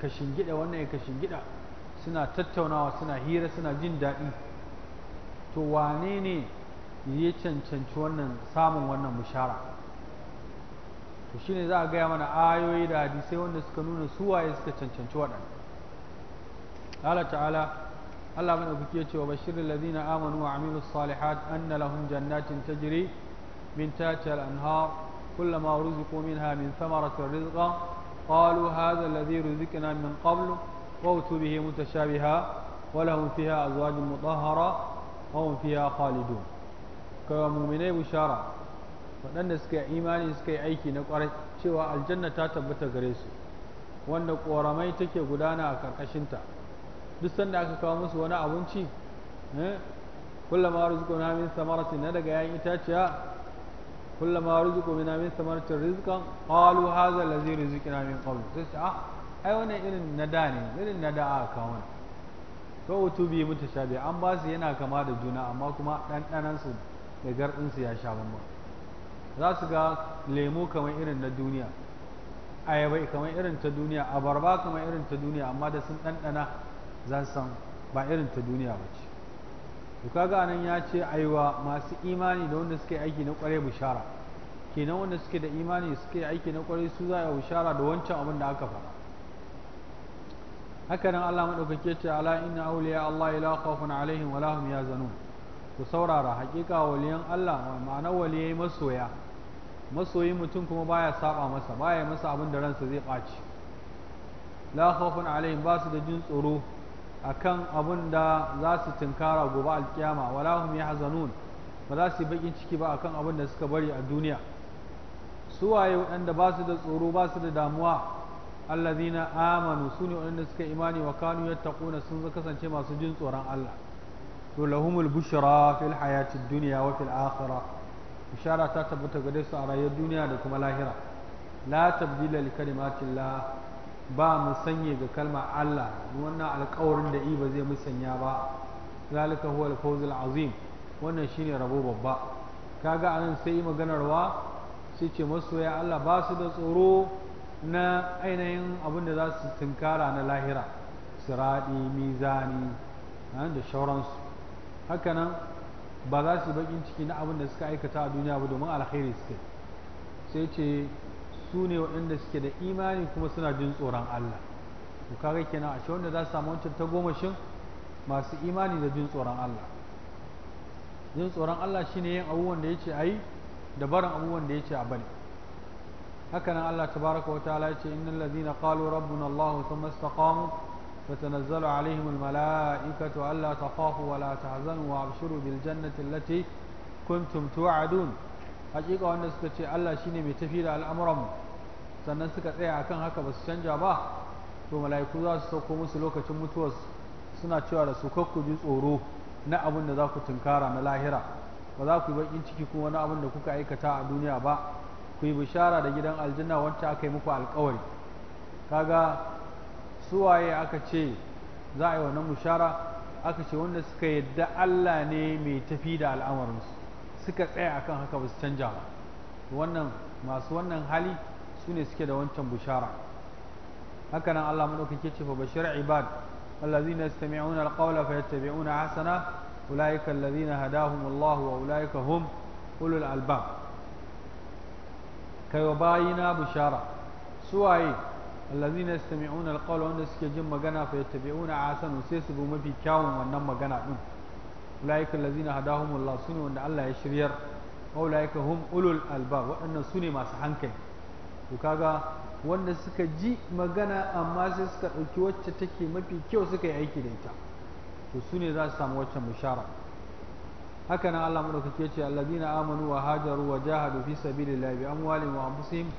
kashin gida wannan ya kashin gida suna tattaunawa suna hira suna jin daɗi to wane ne ya cancanci wannan samun wannan mushara to shine za a gaya mana ayoyi da hadisai wanda suka nuna suwaye suka cancanci waɗanda قال تعالى الله من أبكيت وبشر الذين آمنوا وعملوا الصالحات أن لهم جنات تجري من تحتها الأنهار كلما رزقوا منها من ثمرة رزقا قالوا هذا الذي رزقنا من قبل واوتوا به متشابها ولهم فيها ازواج مطهره وهم فيها خالدون كمؤمني بشارة فدن سكي ايماني سكي ايكي نقري شوى الجنه تتبت غريس wanda ƙoramai take gudana a karkashinta duk sanda aka kawo musu wani abinci eh kullama rizqu na min samarati na daga yayin itaciya kullama ruzuku min samartar samaratin rizqan haza hadha allazi rizqina min qabl sai ce a, ai wannan irin da ne irin da a kawo to utu bi mutashabi an ba su yana kama da juna amma kuma dandanan su da gardin su ya sha bamban za su ga lemu kamar irin na duniya ayaba kamar irin ta duniya abarba kamar irin ta duniya amma da sun dandana za su san ba irin ta duniya ba ce to kaga nan ya ce aiwa masu imani da wanda suke aiki na kware bishara kenan wanda suke da imani suke aiki na kware su za a bishara da wancan abin da aka faɗa haka nan Allah madaukake ce ala inna awliya Allah ila khawfun alaihim wa lahum yazanun ku saurara hakika waliyan Allah ma'ana waliyai masoya masoyi mutum kuma baya saba masa baya masa abin da ransa zai ɓaci la khawfun alaihim ba su da jin tsoro akan abin da za su tunkara gobe alkiyama wala hum yahzanun ba za su yi bakin ciki ba akan abun da suka bari a duniya su waye waɗanda ba su da tsoro ba su da damuwa allazina amanu su ne waɗanda suka imani wa kanu yattaquna sun kasance masu jin tsoron Allah to lahumul bushra fil hayatid dunya wa fil akhirah bishara ta tabbata gare su a rayuwar duniya da kuma lahira la tabdila li kalimatillah ba mu sanye ga kalma Allah wannan alƙawarin da iba zai musanya ba zalika huwa al-fawzul azim wannan shine rabo babba kaga anan sai maganarwa sai ce masoya Allah ba su da tsoro na ainihin abin da za su tunkara na lahira siradi mizani da shauransu hakanan ba za su yi bakin ciki na abin da suka aikata a duniya ba domin alkhairi suke sai ce su ne waɗanda suke da imani kuma suna jin tsoron Allah to kaga kenan a wanda za su samu wancan ta gomashin masu imani da jin tsoron Allah jin tsoron Allah shine yin abubuwan da yace ayi da barin abubuwan da yace a bari hakanan Allah tabaraka wa ta'ala yace innal ladhina qalu rabbuna Allah thumma istaqamu فتنزل عليهم الملائكة ألا تخافوا ولا تحزنوا وأبشروا بالجنة التي كنتم توعدون حقيقة أن سكتي الله شيني متفيد الأمر sannan suka tsaya a kan haka ba su canja ba to mala'iku za su sauko musu lokacin mutuwarsu suna cewa da su kakku ji tsoro na abin da za ku tunkara na lahira ba za ku yi bakin ciki kuma wani abin da kuka aikata a duniya ba ku yi bishara da gidan aljanna wacce aka yi muku alkawari kaga suwaye aka ce za a yi wannan mushara aka ce wanda suka yadda Allah ne mai tafi da al'amarinsu suka tsaya akan haka ba su canja ba wannan masu wannan hali su ne suke da wancan bushara haka nan Allah madaukake ce fa bashir ibad allazina yastami'una alqawla fayattabi'una hasana ulaika allazina hadahum Allah wa ulaika hum ulul albab kai wa bayina bushara suwaye allazina yastami'una alqawla wanda suke jin magana fayattabi'una hasana sai su bi mafi kyawun wannan magana din ulaika allazina hadahum Allah sune wanda Allah ya shiryar wa ulaika hum ulul albab waɗannan sune masu hankali to kaga wanda suka ji magana amma sai suka ɗauki wacce take mafi kyau suka yi aiki da ita to su ne za su samu wacce mushara haka nan Allah madaukake ce allazina amanu wa hajaru wa jahadu fi sabilillahi bi amwalihim wa anfusihim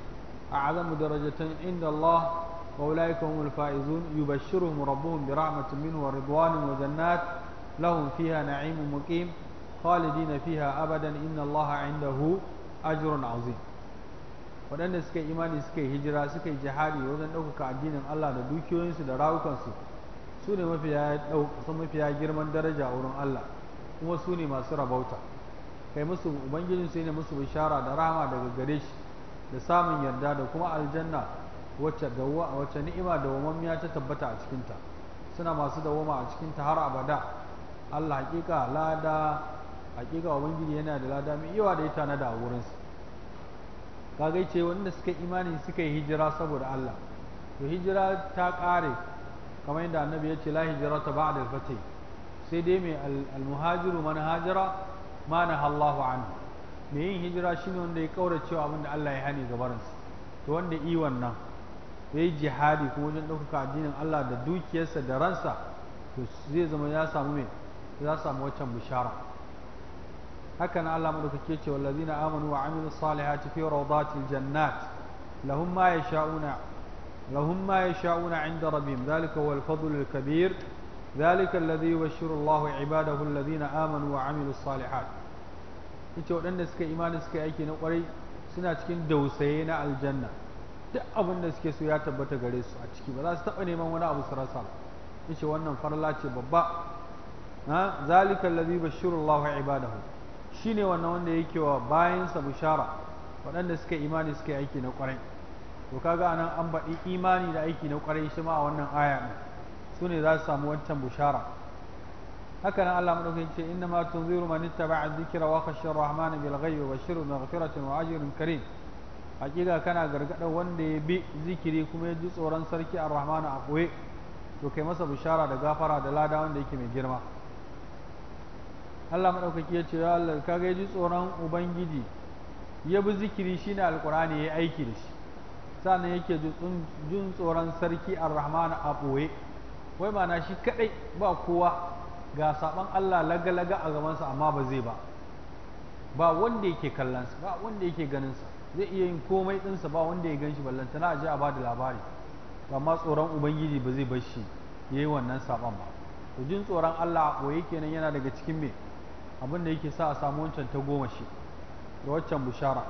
a'zamu darajatan inda Allah wa ulaika humul faizun yubashshiruhum rabbuhum bi rahmatin minhu wa ridwanin wa jannat lahum fiha na'imun muqim khalidina fiha abadan inna Allah 'indahu ajrun 'azim waɗanda suka yi imani suka yi hijira suka yi jihadi wajen ɗaukaka addinin Allah da dukiyoyinsu da rawukansu su ne mafiya girman daraja wurin Allah kuma su ne masu rabauta kai musu ubangijin su ne musu bishara da rahama daga gare shi da samun yarda da kuma aljanna wacce dawwa wacce ni'ima da wamammiya ta tabbata a cikinta suna masu dawoma a cikinta har abada Allah hakika lada hakika ubangiji yana da lada mai yawa da ita na a wurinsa kaga ce wanda suka imani suka yi hijira saboda Allah to hijira ta kare kamar yadda annabi ya ce la hijira ta ba'da al fati sai dai mai al-muhajiru man hajira ma Allahu anhu me yin hijira shine wanda ya kaura cewa abin da Allah ya hani gabarinsa to wanda yi wannan ya jihadi kuma wajen ɗaukaka addinin Allah da dukiyarsa da ransa to zai zama ya samu me ya samu waccan bishara haka nan Allah madaukake ce wallazina amanu wa amilus salihati fi rawdatil jannat lahum ma yasha'una lahum ma yasha'una 'inda rabbihim dhalika huwal fadlul kabir ذلك الذي يبشر الله عباده الذين wa وعملوا الصالحات ita waɗanda suka imani suka aiki na ƙwarai suna cikin dausaye na aljanna duk abin da suke so ya tabbata gare su a ciki ba za su taɓa neman wani abu su rasa ba ita wannan farla ce babba ha zalika allazi bashirullahu ibadahu Shi ne wannan wanda yake wa bayansa bushara waɗanda suka imani suka yi aiki na ƙwarai to kaga anan an baɗi imani da aiki na ƙwarai shi ma a wannan aya ɗin su ne za su samu wancan bushara haka nan Allah madaukakin ce inna ma tunziru man ittaba'a dhikra wa khashya rahman bil ghaibi wa shiru maghfiratin wa ajrin karim hakika kana gargaɗa wanda ya bi zikiri kuma ya ji tsoron sarki a rahman a koye to kai masa bushara da gafara da lada wanda yake mai girma Allah maɗaukaki ya ce ya Allah kaga ji tsoron ubangiji ya bi zikiri shi ne alkur'ani ya aiki da shi sannan yake jin tsoron sarki ar-rahman a ɓoye wai mana shi kadai ba kowa ga saban Allah laga-laga a gabansa amma ba zai ba ba wanda yake kallonsa ba wanda yake ganinsa zai iya yin komai ɗinsa ba wanda ya ganshi ballanta na ji a ba da labari amma tsoron ubangiji ba zai bar shi ya yi wannan saban ba jin tsoron Allah a ɓoye kenan yana daga cikin me abin da yake sa a samu wancan ta goma shi da waccan bushara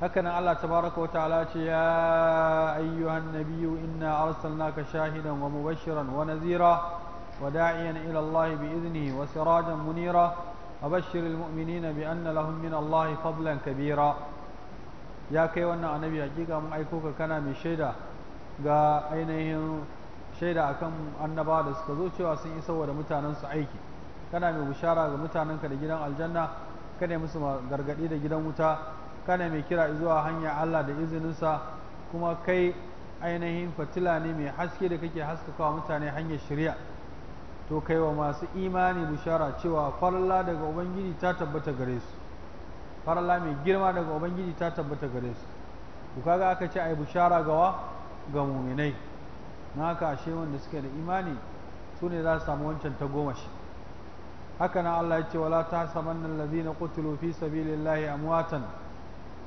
hakanan Allah tabaraka wa ta'ala ce ya ayyuhan nabiyyu inna arsalnaka shahidan wa mubashiran wa nazira wa da'iyan ila Allah bi idnihi wa sirajan munira abashshir almu'minina bi anna lahum min Allah fadlan kabira ya kai wannan annabi hakika mun aiko ka kana mai shaida ga ainihin shaida akan annabawa da suka zo cewa sun isa wa da mutanen su aiki kana mai bishara ga mutanenka da gidan aljanna kana musu gargadi da gidan wuta kana mai kira zuwa hanya Allah da izininsa kuma kai ainihin fatila ne mai haske da kake haskakawa mutane hanyar shari'a to kai wa masu imani bushara cewa farla daga ubangiji ta tabbata gare su farla mai girma daga ubangiji ta tabbata gare su ku kaga aka ce ai bushara gawa ga muminai na haka ashe wanda suke da imani su ne za su samu wancan ta goma shi هكنا الله يتي ولا تحسبن الذين قتلوا في سبيل الله أمواتا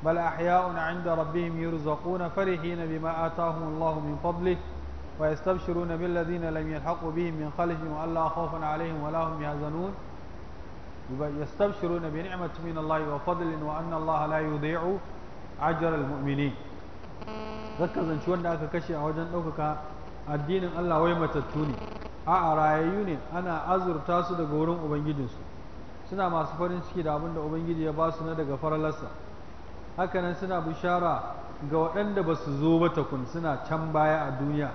بل أحياء عند ربهم يرزقون فرحين بما آتاهم الله من فضله ويستبشرون بالذين لم يلحقوا بهم من خلفهم والا خوف عليهم ولا هم يحزنون يستبشرون بنعمة من الله وفضل وأن الله لا يضيع أجر المؤمنين ركز أن شو أنك كشي أوجن أوكا الدين الله ويمتتوني a'a rayayyu ne ana azurta su daga wurin ubangijinsu suna masu farin ciki da abin da ubangiji ya ba su na daga faralarsa hakanan suna bishara ga waɗanda ba su zo ba takun suna can baya a duniya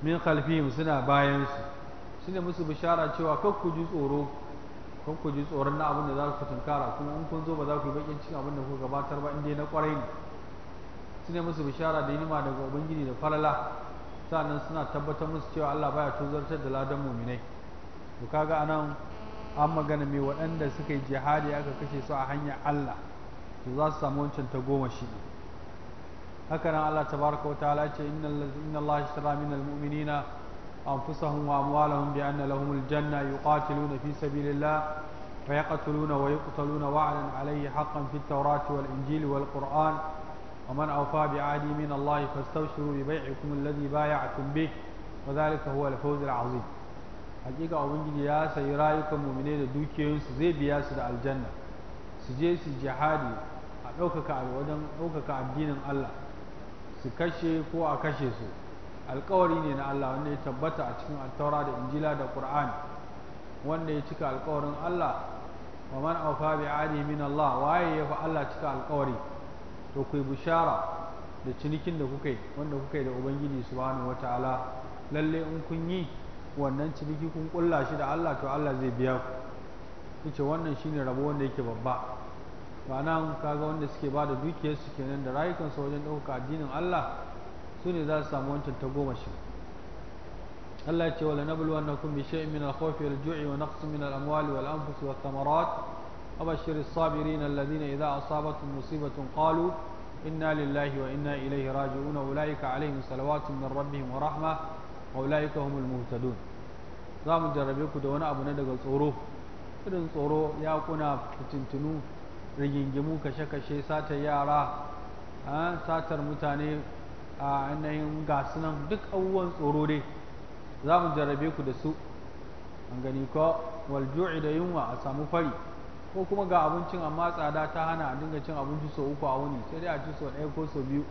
min khalfihim suna bayansu su musu bishara cewa kan ku ji tsoro kan ku ji tsoron na abin da za ku tunkara kuma in kun zo ba za ku yi bakin cin abin da ku gabatar ba in dai na kwarai ne musu bishara da yinima daga ubangiji da falala sannan suna tabbatar musu cewa Allah baya tuzartar da ladan muminai to kaga anan an magana mai waɗanda suka yi jihadi aka kashe su a hanyar Allah to za su samu wancan ta goma shi haka nan Allah tabaraka wataala ce inna Allah ishtara min almu'minina anfusahum wa amwalahum bi anna lahum aljanna yuqatiluna fi sabilillah فيقتلون ويقتلون وعدا عليه حقا wal injili wal والقرآن ومن أوفى بعهده من الله فاستبشروا ببيعكم الذي بايعتم به وذلك هو الفوز العظيم hakika ubangiji ya sayi rayukan mumine da dukiyoyinsu zai biya su da aljanna su je su jihadi a ɗaukaka wajen ɗaukaka addinin Allah su kashe ko a kashe su alkawari ne na Allah wanda ya tabbata a cikin attaura da injila da qur'ani wanda ya cika alkawarin Allah wa man awfa bi min Allah waye ya fa Allah cika alkawari to ku bishara da cinikin da kuka yi wanda kuka yi da ubangiji subhanahu wataala lalle in kun yi wannan ciniki kun kulla shi da Allah to Allah zai biya ku yace wannan shine rabo wanda yake babba ba nan kaga wanda suke ba da dukiyarsu kenan da rayukansu wajen ɗauka addinin Allah su ne za su samu wancan ta goma shi Allah ya ce wala nablu annakum bi shay'in min al-khawfi wal-ju'i wa naqsin min al-amwali wal-anfusi wath-thamarat وبشر الصابرين الذين إذا أصابتهم مصيبة قالوا إنا لله وإنا إليه راجعون أولئك عليهم صلوات من ربهم ورحمة وأولئك هم المهتدون za mu jarrabe ku da wani abu na daga tsoro irin tsoro ya kuna fitintinu rigingimu kashe-kashe satar yara satar mutane a ainihin gasu nan duk abubuwan tsoro dai zamu jarrabe ku da su an gani da yunwa a samu fari ko kuma ga abincin amma tsada ta hana a dinga cin abinci sau uku a wuni sai dai a ci sau ɗaya ko sau biyu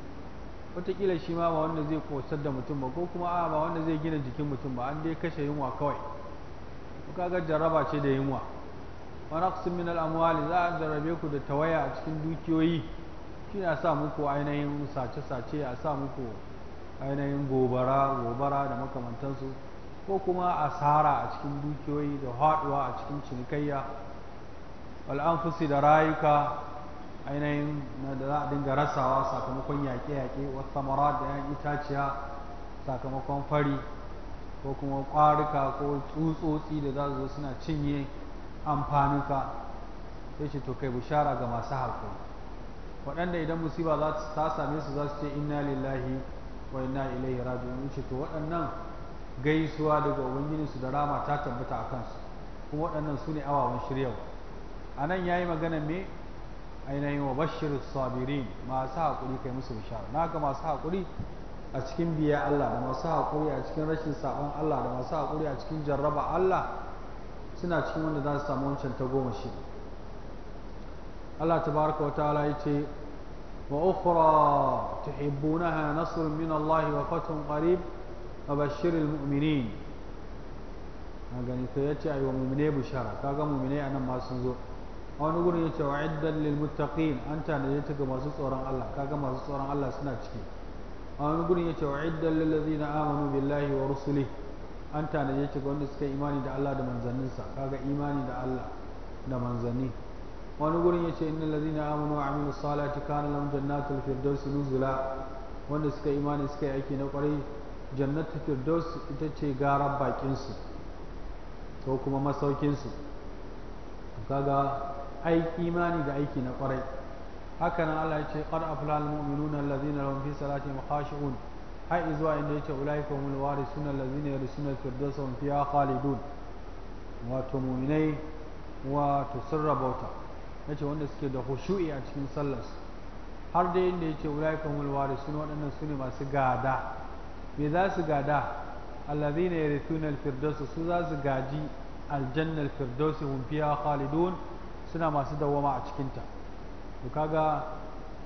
watakila shi ma ba wanda zai kosar da mutum ba ko kuma a ba wanda zai gina jikin mutum ba an dai kashe yunwa kawai ga jaraba ce da yunwa wani kusur min al'amuwali za a jarrabe ku da tawaya a cikin dukiyoyi shi a sa muku ainihin sace-sace a sa muku ainihin gobara gobara da makamantansu ko kuma asara a cikin dukiyoyi da haɗuwa a cikin cinikayya wal'anfusi da rayuka ainihin na da za a dinga rasawa sakamakon yaƙe-yaƙe wata mara da yan itaciya sakamakon fari ko kuma ƙwarika ko tsutsotsi da za su zo suna cinye amfanuka sai ce to kai bishara ga masu halko waɗanda idan musiba ta same su za su ce inna lillahi wa inna ilaihi raji'un ce to waɗannan gaisuwa daga ubangijinsu da rama ta tabbata a kansu kuma waɗannan su ne awawan shiryawa a nan ya yi magana me ainihin wa bashirin sabirin masu haƙuri kai musu bishara na ga masu haƙuri a cikin biya Allah da masu haƙuri a cikin rashin saɓon Allah da masu haƙuri a cikin jarraba Allah suna cikin wanda za su samu wancan ta goma shi Allah tabaraka wa ta'ala ya ce wa ukhra tuhibbunaha nasrun min Allah wa fathun qarib wa bashiril mu'minin a gani ta yace ayi mu'mine bishara kaga mu'mine anan ma sun zo a wani gurin ya ce wa iddan lil muttaqin an tanaje ta ga masu tsoron Allah kaga masu tsoron Allah suna ciki a wani gurin ya ce wa iddan lil ladina amanu billahi wa rusulihi an tanaje ta ga wanda suka imani da Allah da manzanninsa kaga imani da Allah da manzanni wani gurin ya ce innal ladina amanu wa amilus salati kana lahum jannatul firdaus nuzula wanda suka imani suka yi aiki na kwarai jannatul firdaus ita ce garar bakin su ko kuma masaukin su kaga Ai imani da aiki na kwarai haka nan Allah ya ce qad aflal mu'minuna allazina lahum fi salatihim khashi'un har zuwa inda yake ulaika humul warisuna allazina yarisuna firdausa hum fiha khalidun wato mu'minai wato sirra bauta yace wanda suke da khushu'i a cikin sallar har da inda yake ulaika humul warisuna waɗannan sune masu gada me za su gada allazina yarithuna alfirdausa su za su gaji aljanna alfirdausi hum fiha khalidun suna masu dawama a cikinta to kaga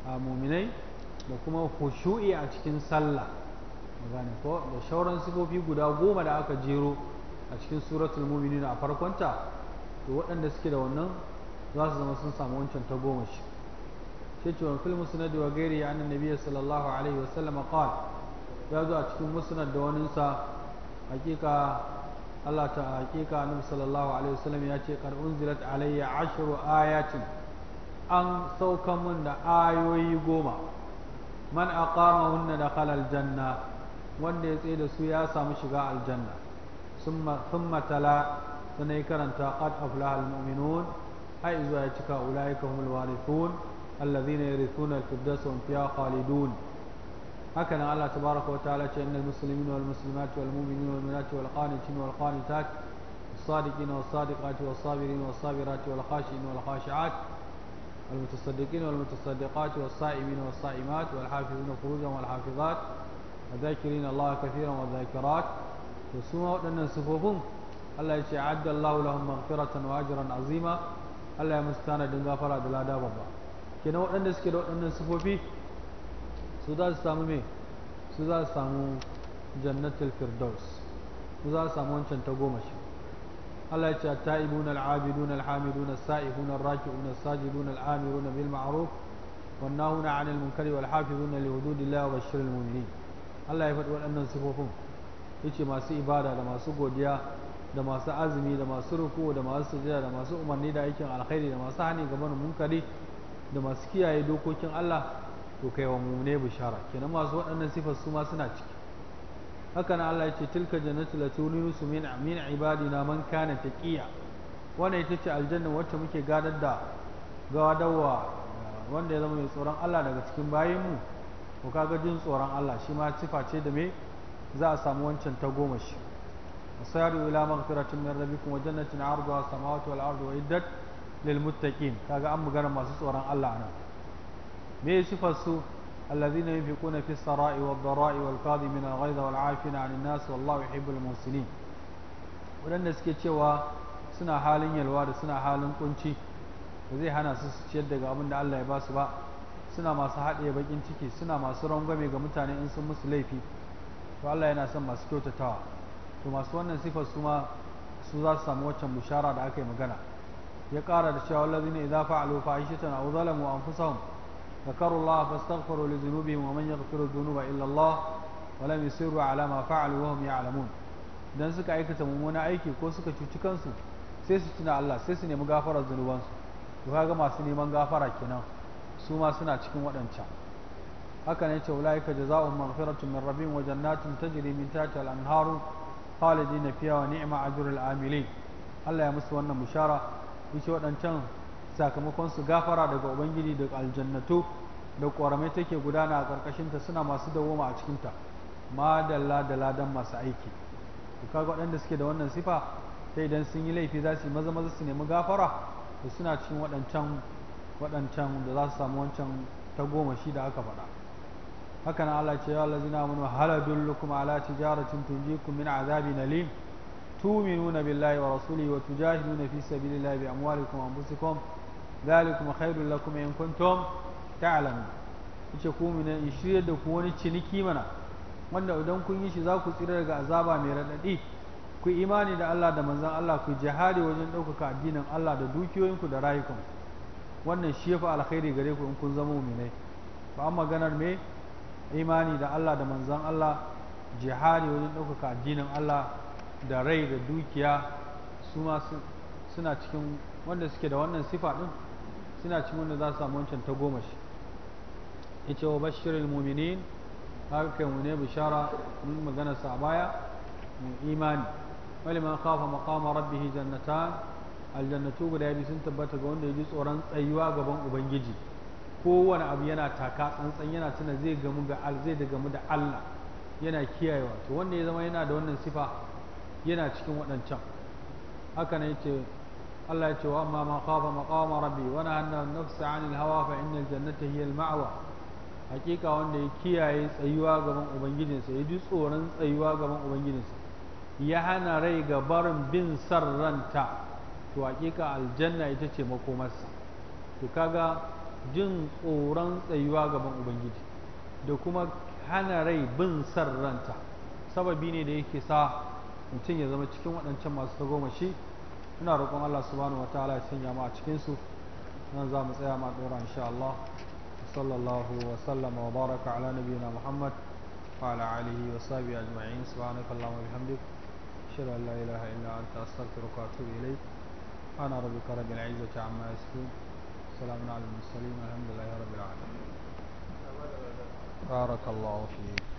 a muminai da kuma shu'i a cikin sallah gane ko da shauran sifofi guda goma da aka jero a cikin suratul mu'minin a farkonta to waɗanda suke da wannan za su zama sun samu wancan ta goma shi sai ce wa fil musnad wa ghairi an annabi sallallahu alaihi wa sallam qala ya zo a cikin musnad da waninsa haƙiƙa. Allah ta hakika annabi sallallahu alaihi wasallam ya ce kar unzilat alayya ashru ayatin an sauka mun da ayoyi goma man aqama hunna dakhala aljanna wanda ya tsaye da su ya samu shiga aljanna summa thumma tala sanai karanta qad aflaha almu'minun ai zuwa ya cika ulaika humul warithun alladhina yarithuna alfirdausa hum fiha khalidun هكذا الله تبارك وتعالى أن المسلمين والمسلمات والمؤمنين والمؤمنات والقانتين والقانتات الصادقين والصادقات والصابرين والصابرات والخاشعين والخاشعات المتصدقين والمتصدقات والصائمين والصائمات والحافظين فروجهم والحافظات الذاكرين الله كثيرا والذاكرات وسوء أن صفوفهم الله يعد الله لهم مغفرة وأجرا عظيما الله يمستانا دنغافرة دلا دابا كنا وأن نسكر وأن صفوفي su za su samu me su za su samu jannatul firdaus su za su samu wancan ta goma shi Allah ya ce at-ta'ibun al-'abidun al-hamidun as-sa'ihun ar-raki'un as-sajidun al-amirun bil ma'ruf wan nahuna 'anil munkari wal hafizun li hududillahi wa Allah ya faɗi waɗannan sifofin yace masu ibada da masu godiya da masu azumi da masu ruku da masu sujada da masu umarni da aikin alkhairi da masu hani ga barin munkari da masu kiyaye dokokin Allah to kai wa mumune bishara kenan masu waɗannan sifar su ma suna ciki haka na Allah ya ce tilka jannatu la tunusu min min ibadina man kana taqiya wannan ita ce aljanna wacce muke gadar da gawa dawa wanda ya zama mai tsoron Allah daga cikin bayinmu ka kaga jin tsoron Allah shi ma sifa ce da me za a samu wancan ta goma shi asadu ila maghfiratin min rabbikum wa jannatin 'arduha samawati wal ardu wa iddat lil muttaqin kaga an magana masu tsoron Allah anan me sifar su allazina yunfiquna fi sarai wad darai wal kadhimina ghaiza wal afina 'anil nas wallahu yuhibbul muhsinin wadanda suke cewa suna halin yalwa da suna halin kunci ba zai hana su su ciyar daga abin da Allah ya ba su ba suna masu haɗe bakin ciki suna masu rangwame ga mutane in sun musu laifi to Allah yana son masu kyautatawa to masu wannan sifar su ma su za su samu waccan bushara da aka yi magana ya ƙara da cewa lazina idza fa'alu fahishatan aw zalamu anfusahum ذكروا الله فاستغفروا لذنوبهم ومن يغفر الذنوب إلا الله ولم يسروا على ما فعلوا وهم يعلمون dan suka aikata mummunan aiki ko suka cuci kansu sai su tuna Allah sai su nemi gafarar zunubansu to kaga masu neman gafara kenan su ma suna cikin waɗancan haka ne ce ulaika jazaohum maghfiratun min rabbihim wa jannatin tajri min tahtiha al-anharu khalidina fiha wa ni'ma ajrul amilin Allah ya musu wannan bushara yace waɗancan sakamakon su gafara daga ubangiji da aljannatu da ƙoramai take gudana a ƙarƙashinta suna masu dawoma a cikinta ma dalla da ladan masu aiki to kaga waɗanda suke da wannan sifa sai idan sun yi laifi za su yi maza maza su nemi gafara da suna cikin waɗancan waɗancan da za su samu wancan ta goma shi da aka faɗa haka na Allah ce ya zina mun hal adullukum ala tijaratin tunjikum min azabin alim tu'minuna billahi wa rasulihi wa tujahiduna fi sabilillahi bi amwalikum wa anfusikum zalikum khairul lakum in kuntum ta'lamun yace ku mina in shirye da ku wani ciniki mana wanda idan kun yi shi za ku tsira daga azaba mai radadi ku imani da Allah da manzon Allah ku jihadi wajen ɗaukaka addinin Allah da dukiyoyinku da rayukanku wannan shi yafi alkhairi gare ku in kun zama mu'minai ba amma maganar me imani da Allah da manzon Allah jihadi wajen ɗaukaka addinin Allah da rai da dukiya su ma suna cikin wanda suke da wannan sifa din? suna cin wanda za su samu wancan ta goma shi ce wa bashirin mu'minin haka mu ne bishara mun magana sa baya mun imani waliman khafa maqama rabbih jannatan aljannatu guda biyu sun tabbata ga wanda ya ji tsoron tsayuwa gaban ubangiji kowane abu yana taka tsantsan yana tuna zai gamu ga zai da gamu da Allah yana kiyayewa to wanda ya zama yana da wannan sifa yana cikin waɗancan haka ne yace الله ya ce wa خاف مقام ربي hawa fa innal jannata hiya al-ma'wa wanda ya kiyaye tsayuwa gaban ubangijinsa ya ji tsoron tsayuwa gaban ubangijinsa ya hana rai ga barin bin san ranta to hakika aljanna ita ce makomarsa to kaga jin tsoron tsayuwa gaban ubangiji da kuma hana rai bin sarranta sababi ne da sa mutum ya zama cikin waɗancan masu tagomashi shi ina roƙon Allah subhanahu wataala ya sanya mu a cikin su nan za mu tsaya ma dora insha Allah sallallahu wa sallama wa baraka ala nabiyyina Muhammad wa ala alihi wa sahbihi ajma'in subhanakallahumma wa bihamdik ashhadu an la ilaha illa anta astaghfiruka wa atubu ilayk ana rabbuka rabbil izzati amma yasifun salamun ala al mursalin alhamdulillahi rabbil alamin بارك الله فيك